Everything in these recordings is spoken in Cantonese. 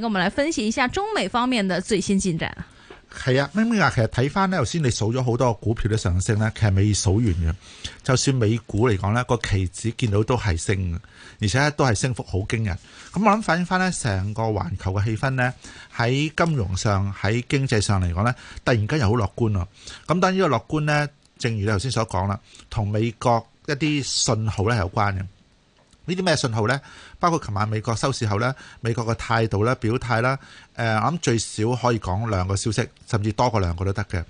跟我們來分析一下中美方面的最新進展。係啊，明明啊，其實睇翻呢，頭先你數咗好多股票嘅上升呢，其實未數完嘅。就算美股嚟講呢，個期指見到都係升，而且都係升幅好驚人。咁我諗反映翻呢，成個環球嘅氣氛呢，喺金融上、喺經濟上嚟講呢，突然間又好樂觀咯。咁當然呢個樂觀呢，正如你頭先所講啦，同美國一啲信號咧有關嘅。呢啲咩信號呢？包括琴晚美國收市後呢，美國嘅態度咧、表態啦。誒，我諗最少可以講兩個消息，甚至多過兩個都得嘅。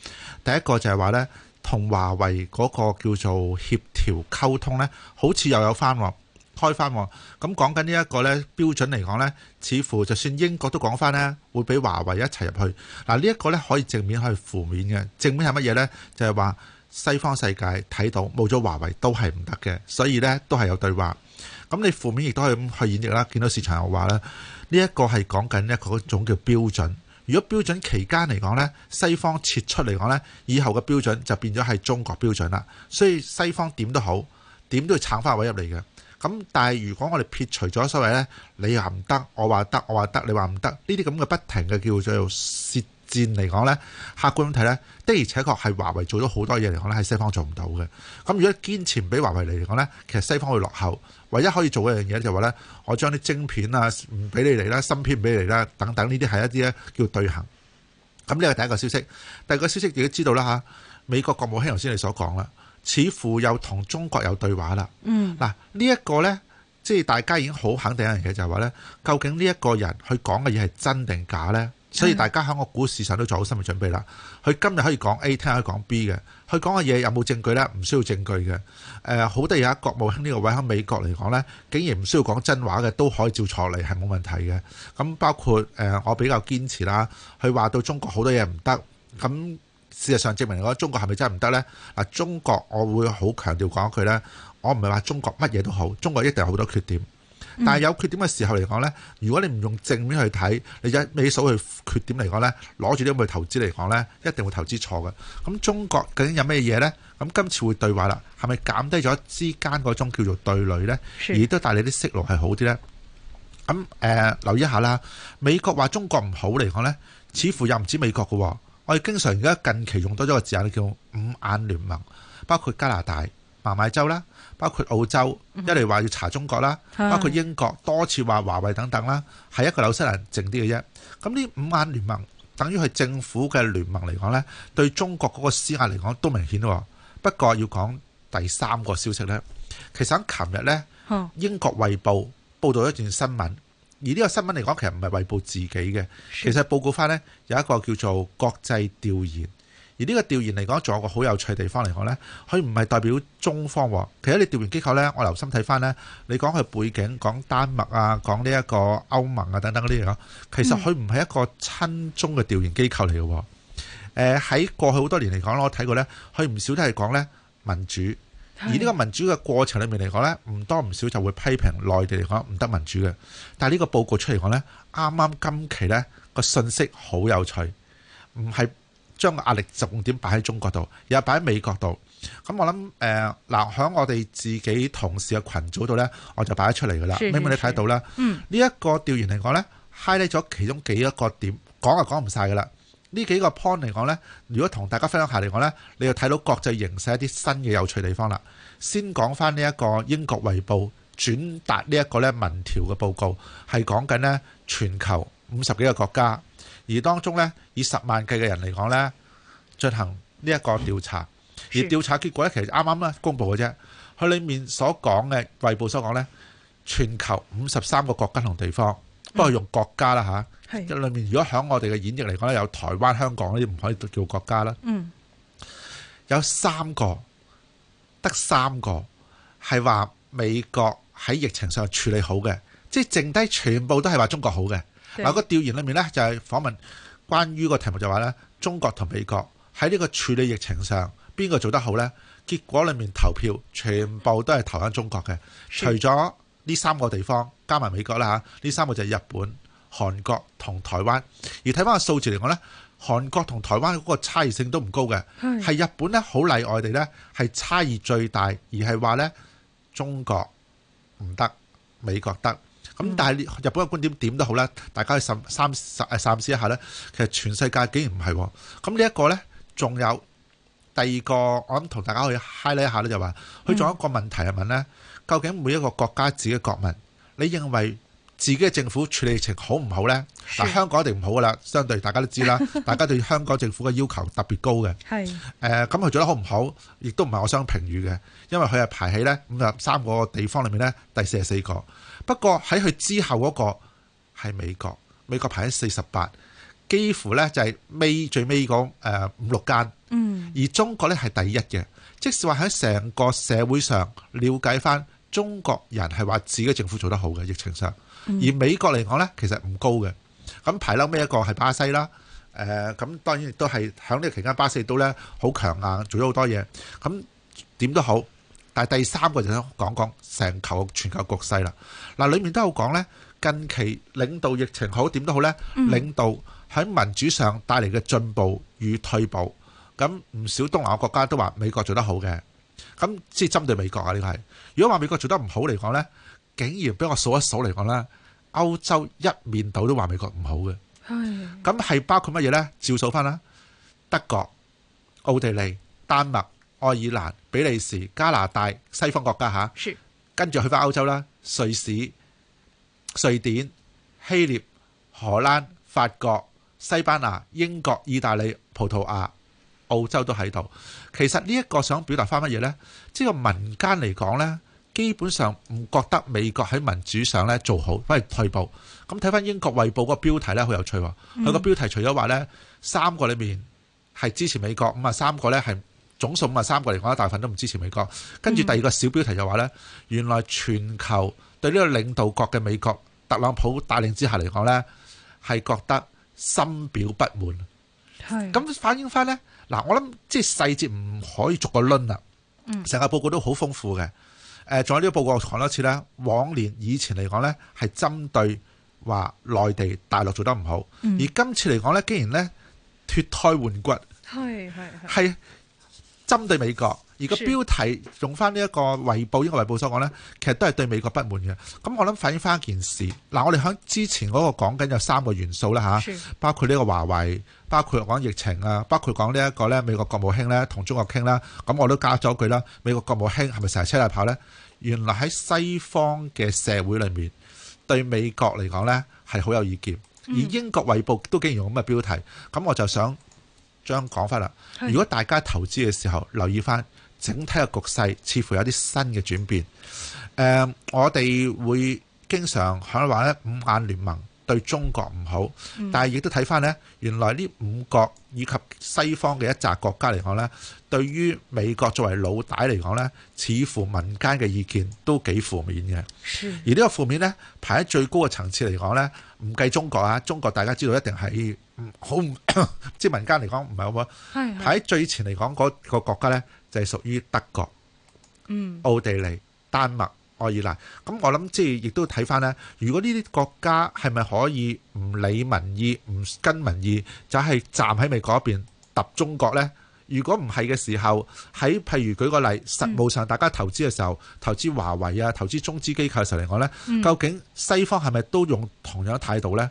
第一個就係話呢，同華為嗰個叫做協調溝通呢，好似又有翻開翻喎。咁講緊呢一個呢，標準嚟講呢，似乎就算英國都講翻呢，會俾華為一齊入去。嗱，呢一個呢，可以正面，可以負面嘅。正面係乜嘢呢？就係話西方世界睇到冇咗華為都係唔得嘅，所以呢都係有對話。咁你負面亦都可以咁去演繹啦。見到市場又話咧，呢一個係講緊一個一種叫標準。如果標準期間嚟講呢，西方撤出嚟講呢，以後嘅標準就變咗係中國標準啦。所以西方點都好，點都要撐翻位入嚟嘅。咁但係如果我哋撇除咗所謂呢，你話唔得，我話得，我話得，你話唔得，呢啲咁嘅不停嘅叫做舌戰嚟講呢，客觀咁睇呢，的而且確係華為做咗好多嘢嚟講呢係西方做唔到嘅。咁如果堅持唔俾華為嚟講呢，其實西方會落後。唯一可以做一樣嘢就係話呢，我將啲晶片啊唔俾你嚟啦，芯片唔俾你嚟啦，等等呢啲係一啲咧叫對行。咁呢個第一個消息，第二個消息亦都知道啦吓，美國國務卿頭先你所講啦，似乎又同中國有對話啦。嗯，嗱呢一個呢，即係大家已經好肯定一樣嘢，就係話呢，究竟呢一個人佢講嘅嘢係真定假呢？ 所以大家喺我股市上都做好心理準備啦。佢今日可以講 A，聽日可以講 B 嘅。佢講嘅嘢有冇證據呢？唔需要證據嘅。誒、呃，好得意呀國務卿呢個位喺美國嚟講呢，竟然唔需要講真話嘅，都可以照坐嚟係冇問題嘅。咁包括誒、呃，我比較堅持啦。佢話到中國好多嘢唔得，咁事實上證明我中國係咪真係唔得呢？嗱，中國我會好強調講一句呢：我唔係話中國乜嘢都好，中國一定有好多缺點。但係有缺點嘅時候嚟講呢，如果你唔用正面去睇，你一尾數去缺點嚟講呢，攞住啲咁嘅投資嚟講呢，一定會投資錯嘅。咁中國究竟有咩嘢呢？咁今次會對話啦，係咪減低咗之間嗰種叫做對壘呢？是而都帶嚟啲息率係好啲呢？咁誒、呃、留意一下啦，美國話中國唔好嚟講呢，似乎又唔止美國嘅喎、哦。我哋經常而家近期用多咗個字眼叫五眼聯盟，包括加拿大、孟買州啦。包括澳洲一嚟話要查中國啦，包括英國多次話華為等等啦，係一個紐西蘭靜啲嘅啫。咁呢五眼聯盟等於係政府嘅聯盟嚟講呢，對中國嗰個施壓嚟講都明顯。不過要講第三個消息呢，其實喺琴日呢，英國《衛報》報導咗一段新聞，而呢個新聞嚟講其實唔係《衛報》自己嘅，其實,報,其實報告翻呢，有一個叫做國際調研。而呢個調研嚟講，仲有個好有趣地方嚟講咧，佢唔係代表中方喎。其實你調研機構咧，我留心睇翻咧，你講佢背景講丹麥啊，講呢一個歐盟啊等等嗰啲嘢嗬，其實佢唔係一個親中嘅調研機構嚟嘅。誒，喺過去好多年嚟講咧，我睇過咧，佢唔少都係講咧民主。而呢個民主嘅過程裏面嚟講咧，唔多唔少就會批評內地嚟講唔得民主嘅。但係呢個報告出嚟講咧，啱啱今期呢個信息好有趣，唔係。將個壓力重點擺喺中國度，又擺喺美國度。咁、嗯、我諗誒，嗱、呃、喺我哋自己同事嘅群組度呢，我就擺咗出嚟噶啦。明唔明你睇到啦？呢一、嗯呢個調研嚟講呢 highlight 咗其中幾一個點，講就講唔晒噶啦。呢幾個 point 嚟講呢，如果同大家分享下嚟講呢，你就睇到國際形勢一啲新嘅有趣地方啦。先講返呢一個英國《衛報》轉達呢一個呢民調嘅報告，係講緊呢全球五十幾個國家。而當中呢，以十萬計嘅人嚟講呢，進行呢一個調查，而調查結果咧，其實啱啱呢公佈嘅啫。佢裏面所講嘅《衛報》所講呢，全球五十三個國家同地方，不過用國家啦嚇、嗯啊。裏裏面如果喺我哋嘅演繹嚟講呢，有台灣、香港呢啲唔可以叫國家啦。嗯。有三個，得三個係話美國喺疫情上處理好嘅，即係剩低全部都係話中國好嘅。嗱，個調研裏面咧就係訪問關於個題目就話咧中國同美國喺呢個處理疫情上邊個做得好呢，結果裏面投票全部都係投翻中國嘅，除咗呢三個地方加埋美國啦嚇，呢三個就係日本、韓國同台灣。而睇翻個數字嚟講呢，韓國同台灣嗰個差異性都唔高嘅，係日本呢好例外哋呢，係差異最大，而係話呢，中國唔得，美國得。咁、嗯、但係日本嘅觀點點都好啦，大家去三三思三思一下咧。其實全世界竟然唔係，咁、這個、呢一個咧，仲有第二個，我諗同大家去 highlight 咧一下咧，就話佢仲有一個問題係問咧、嗯，究竟每一個國家自己的國民，你認為自己嘅政府處理情好唔好咧？嗱，香港一定唔好噶啦，相對大家都知啦，大家對香港政府嘅要求特別高嘅。係。誒、呃，咁佢做得好唔好，亦都唔係我想評語嘅，因為佢係排喺咧五十三個地方裏面咧第四十四個。不過喺佢之後嗰個係美國，美國排喺四十八，幾乎呢就係尾最尾嗰，誒五六間。嗯，而中國呢係第一嘅，即係話喺成個社會上了解返中國人係話自己政府做得好嘅疫情上，而美國嚟講呢其實唔高嘅。咁排嬲尾一個係巴西啦，誒、呃、咁當然亦都係響呢個期間巴西都呢好強硬，做咗好多嘢。咁點都好。係第三個就想講講成球全球局勢啦。嗱，裡面都有講呢，近期領導疫情好點都好呢，領導喺民主上帶嚟嘅進步與退步。咁唔少東南亞國家都話美國做得好嘅。咁即係針對美國啊呢個係。如果話美國做得唔好嚟講呢，竟然俾我數一數嚟講啦，歐洲一面倒都話美國唔好嘅。係。咁係包括乜嘢呢？照數返啦，德國、奧地利、丹麥。愛爾蘭、比利時、加拿大、西方國家嚇，跟住去翻歐洲啦，瑞士、瑞典、希臘、荷蘭、法國、西班牙、英國、意大利、葡萄牙、澳洲都喺度。其實呢一個想表達翻乜嘢呢？即係民間嚟講呢，基本上唔覺得美國喺民主上呢做好，反而退步。咁睇翻英國《衛報》個標題呢，好有趣喎。佢個標題除咗話呢三個裏面係支持美國，咁啊三個呢係。總數五十三個嚟講，大份都唔支持美國。跟住第二個小標題就話呢、嗯、原來全球對呢個領導國嘅美國特朗普帶領之下嚟講呢係覺得深表不滿。係咁反映翻呢，嗱我諗即係細節唔可以逐個論啊。成、嗯、個報告都好豐富嘅。誒、呃，仲有呢個報告我講多次咧，往年以前嚟講呢係針對話內地大陸做得唔好、嗯，而今次嚟講呢竟然呢脫胎換骨，係係針對美國，而個標題用翻呢一個《衛報》英國《衛報》所講呢，其實都係對美國不滿嘅。咁我諗反映翻一件事。嗱，我哋喺之前嗰個講緊有三個元素啦嚇，包括呢個華為，包括講疫情啊，包括講呢一個呢美國國務卿呢同中國傾啦。咁我都加咗句啦，美國國務卿係咪成日車大炮呢？原來喺西方嘅社會裏面，對美國嚟講呢係好有意見，而英國《衛報》都竟然用咁嘅標題。咁我就想。將講翻啦，如果大家投資嘅時候留意翻整體嘅局勢，似乎有啲新嘅轉變。誒、嗯，我哋會經常可以話咧五眼聯盟。對中國唔好，但係亦都睇翻呢。原來呢五國以及西方嘅一紮國家嚟講呢，對於美國作為老大嚟講呢，似乎民間嘅意見都幾負面嘅。而呢個負面呢，排喺最高嘅層次嚟講呢，唔計中國啊，中國大家知道一定係唔 好，即係民間嚟講唔係好。排喺最前嚟講嗰個國家呢，就係、是、屬於德國、嗯、奧地利、丹麥。愛爾蘭，咁我諗即係亦都睇翻呢。如果呢啲國家係咪可以唔理民意、唔跟民意，就係、是、站喺美國嗰邊揼中國呢？如果唔係嘅時候，喺譬如舉個例，實務上大家投資嘅時候，投資華為啊，投資中資機構嘅時候嚟講呢，究竟西方係咪都用同樣嘅態度呢？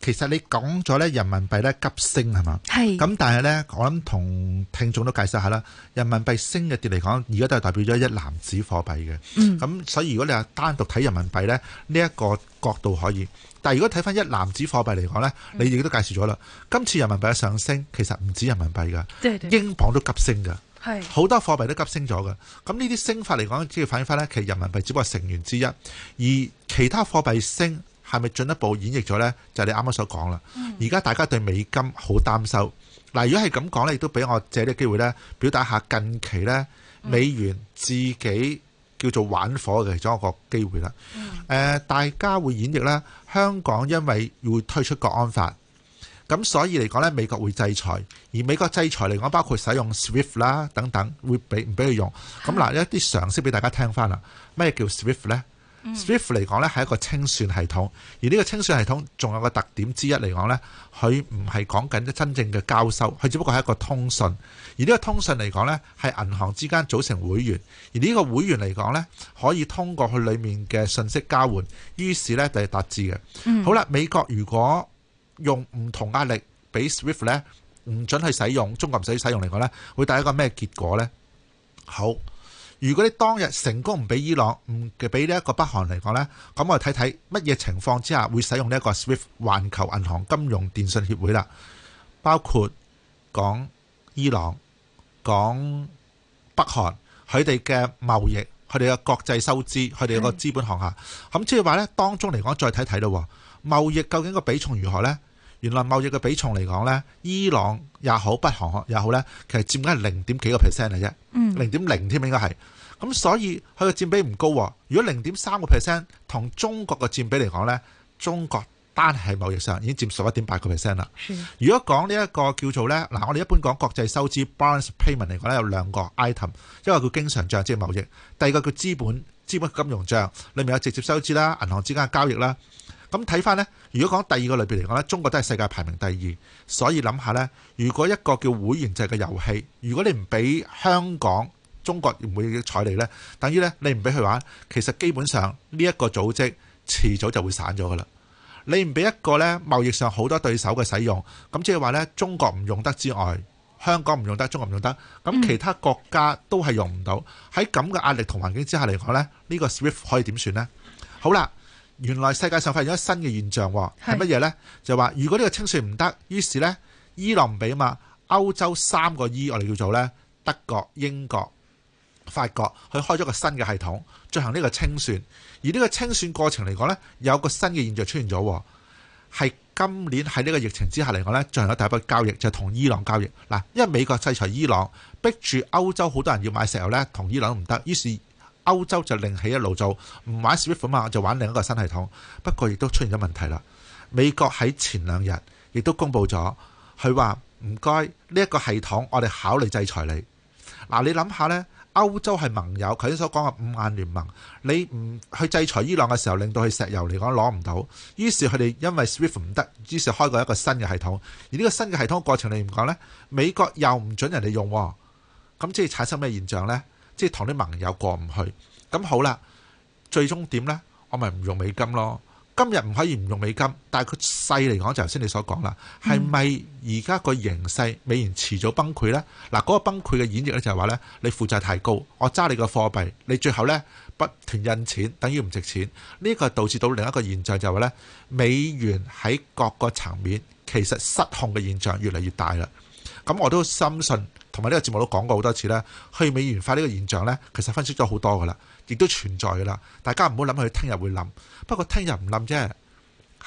其實你講咗咧，人民幣咧急升係嘛？係。咁但係咧，我諗同聽眾都介紹下啦。人民幣升嘅跌嚟講，而家都係代表咗一籃子貨幣嘅。嗯。咁、嗯、所以如果你話單獨睇人民幣咧，呢、這、一個角度可以。但係如果睇翻一籃子貨幣嚟講咧，你亦都介紹咗啦。今次人民幣嘅上升，其實唔止人民幣噶，英鎊都急升噶，係。好多貨幣都急升咗噶。咁呢啲升法嚟講，即、就、要、是、反映翻咧，其實人民幣只不過係成員之一，而其他貨幣升。係咪進一步演繹咗呢？就係你啱啱所講啦。而家大家對美金好擔憂。嗱，如果係咁講呢，亦都俾我借呢個機會呢，表達下近期呢美元自己叫做玩火嘅其中一個機會啦。誒，大家會演繹呢，香港因為會推出國安法，咁所以嚟講呢，美國會制裁。而美國制裁嚟講，包括使用 Swift 啦等等，會俾唔俾佢用。咁嗱，一啲常識俾大家聽翻啦。咩叫 Swift 呢？Swift 嚟講呢係一個清算系統，而呢個清算系統仲有一個特點之一嚟講呢，佢唔係講緊真正嘅交收，佢只不過係一個通訊。而呢個通訊嚟講呢，係銀行之間組成會員，而呢個會員嚟講呢，可以通過佢裏面嘅信息交換，於是呢，就係達至嘅。好啦，美國如果用唔同壓力俾 Swift 呢，唔準去使用，中國唔使使用嚟講呢，會帶一個咩結果呢？好。如果你當日成功唔俾伊朗，唔俾呢一個北韓嚟講呢，咁我睇睇乜嘢情況之下會使用呢一個 Swift 環球銀行金融電信協會啦，包括講伊朗、講北韓佢哋嘅貿易、佢哋嘅國際收支、佢哋一個資本項下，咁、嗯、即係話呢，當中嚟講再睇睇咯，貿易究竟個比重如何呢？原來貿易嘅比重嚟講呢，伊朗也好，北韓也好呢，其實佔緊係零點幾個 percent 嘅啫，零點零添啊，應該係。咁所以佢嘅佔比唔高。如果零點三個 percent 同中國嘅佔比嚟講呢，中國單係貿易上已經佔十一點八個 percent 啦。如果講呢一,一,一個叫做呢，嗱我哋一般講國際收支 balance payment 嚟講呢有兩個 item，一個叫經常帳即係、就是、貿易，第二個叫資本、資本金融帳，裡面有直接收支啦，銀行之間嘅交易啦。咁睇翻呢，如果講第二個類別嚟講呢，中國都係世界排名第二，所以諗下呢，如果一個叫會員制嘅遊戲，如果你唔俾香港、中國唔會睬你呢，等於呢你唔俾佢玩，其實基本上呢一個組織遲早就會散咗㗎喇。你唔俾一個呢貿易上好多對手嘅使用，咁即係話呢，中國唔用得之外，香港唔用得，中國唔用得，咁其他國家都係用唔到。喺咁嘅壓力同環境之下嚟講呢，呢個 Swift 可以點算呢？好啦。原來世界上發現咗新嘅現象係乜嘢呢？是就話如果呢個清算唔得，於是呢，伊朗唔俾嘛，歐洲三個伊、e，我哋叫做呢，德國、英國、法國去開咗個新嘅系統進行呢個清算。而呢個清算過程嚟講呢，有個新嘅現象出現咗，係今年喺呢個疫情之下嚟講呢，進行咗第一筆交易就係、是、同伊朗交易嗱，因為美國制裁伊朗，逼住歐洲好多人要買石油呢同伊朗都唔得，於是。歐洲就另起一路做，唔玩 SWIFT 嘛，我就玩另一個新系統。不過亦都出現咗問題啦。美國喺前兩日亦都公布咗，佢話唔該呢一個系統，我哋考慮制裁你。嗱，你諗下呢，歐洲係盟友，頭先所講嘅五眼聯盟，你唔去制裁伊朗嘅時候，令到佢石油嚟講攞唔到，於是佢哋因為 SWIFT 唔得，於是開過一個新嘅系統。而呢個新嘅系統過程你嚟講呢？美國又唔准人哋用，咁即係產生咩現象呢？即係同啲盟友過唔去，咁好啦。最終點呢？我咪唔用美金咯。今日唔可以唔用美金，但係佢細嚟講就頭先你所講啦。係咪而家個形勢美元遲早崩潰呢？嗱，嗰個崩潰嘅演繹咧就係話呢：你負債太高，我揸你個貨幣，你最後呢，不斷印錢，等於唔值錢。呢個導致到另一個現象就係話呢，美元喺各個層面其實失控嘅現象越嚟越大啦。咁我都深信。同埋呢個節目都講過好多次啦。去美元化呢個現象呢，其實分析咗好多噶啦，亦都存在噶啦。大家唔好諗佢聽日會冧，不過聽日唔冧啫，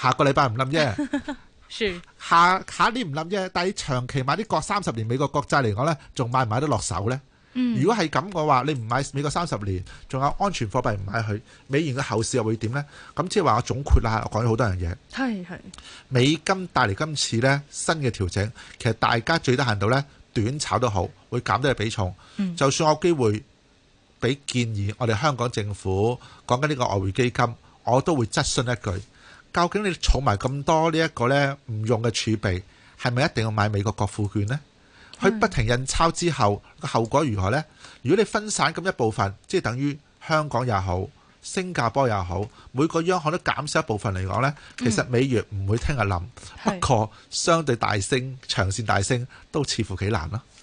下個禮拜唔冧啫，下下年唔冧啫。但係長期買啲國三十年美國國債嚟講呢，仲買唔買得落手呢？嗯、如果係咁嘅話，你唔買美國三十年，仲有安全貨幣唔買佢，美元嘅後市又會點呢？咁即係話我總括啦，我講咗好多樣嘢。係係美金帶嚟今次呢新嘅調整，其實大家最得閒到呢。短炒都好，會減低比重。嗯、就算我有機會俾建議，我哋香港政府講緊呢個外匯基金，我都會質詢一句：究竟你儲埋咁多呢一個呢唔用嘅儲備，係咪一定要買美國國庫券呢？佢不停印鈔之後，個後果如何呢？如果你分散咁一部分，即係等於香港也好。新加坡也好，每個央行都減少一部分嚟講呢，其實美元唔會聽日冧，不過相對大升、長線大升都似乎幾難囉。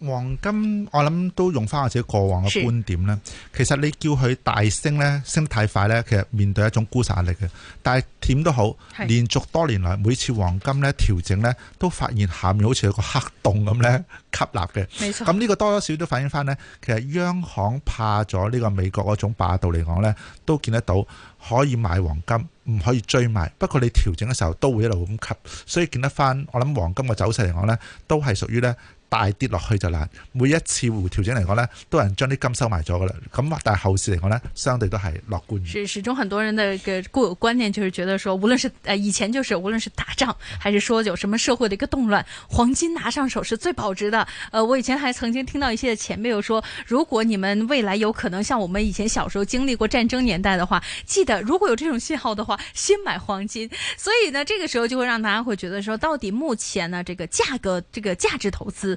黃金，我諗都用翻我自己過往嘅觀點呢，其實你叫佢大升呢，升太快呢，其實面對一種沽殺壓力嘅。但係，點都好，連續多年來每次黃金呢調整呢，都發現下面好似有個黑洞咁呢，吸納嘅。咁呢個多多少少都反映翻呢，其實央行怕咗呢個美國嗰種霸道嚟講呢，都見得到可以買黃金，唔可以追賣。不過你調整嘅時候都會一路咁吸，所以見得翻。我諗黃金嘅走勢嚟講呢，都係屬於呢。大跌落去就難，每一次調整嚟講呢，都有人將啲金收埋咗噶啦。咁但係後市嚟講呢，相對都係樂觀。是是，始終很多人的個固有觀念，就是覺得說，無論是誒、呃、以前，就是無論是打仗，還是說有什麼社會嘅一個動亂，黃金拿上手是最保值的。誒、呃，我以前還曾經聽到一些前輩有說，如果你們未來有可能像我們以前小時候經歷過戰爭年代的話，記得如果有這種信號的話，先買黃金。所以呢，這個時候就會讓大家會覺得說，到底目前呢，這個價格，這個價值投資。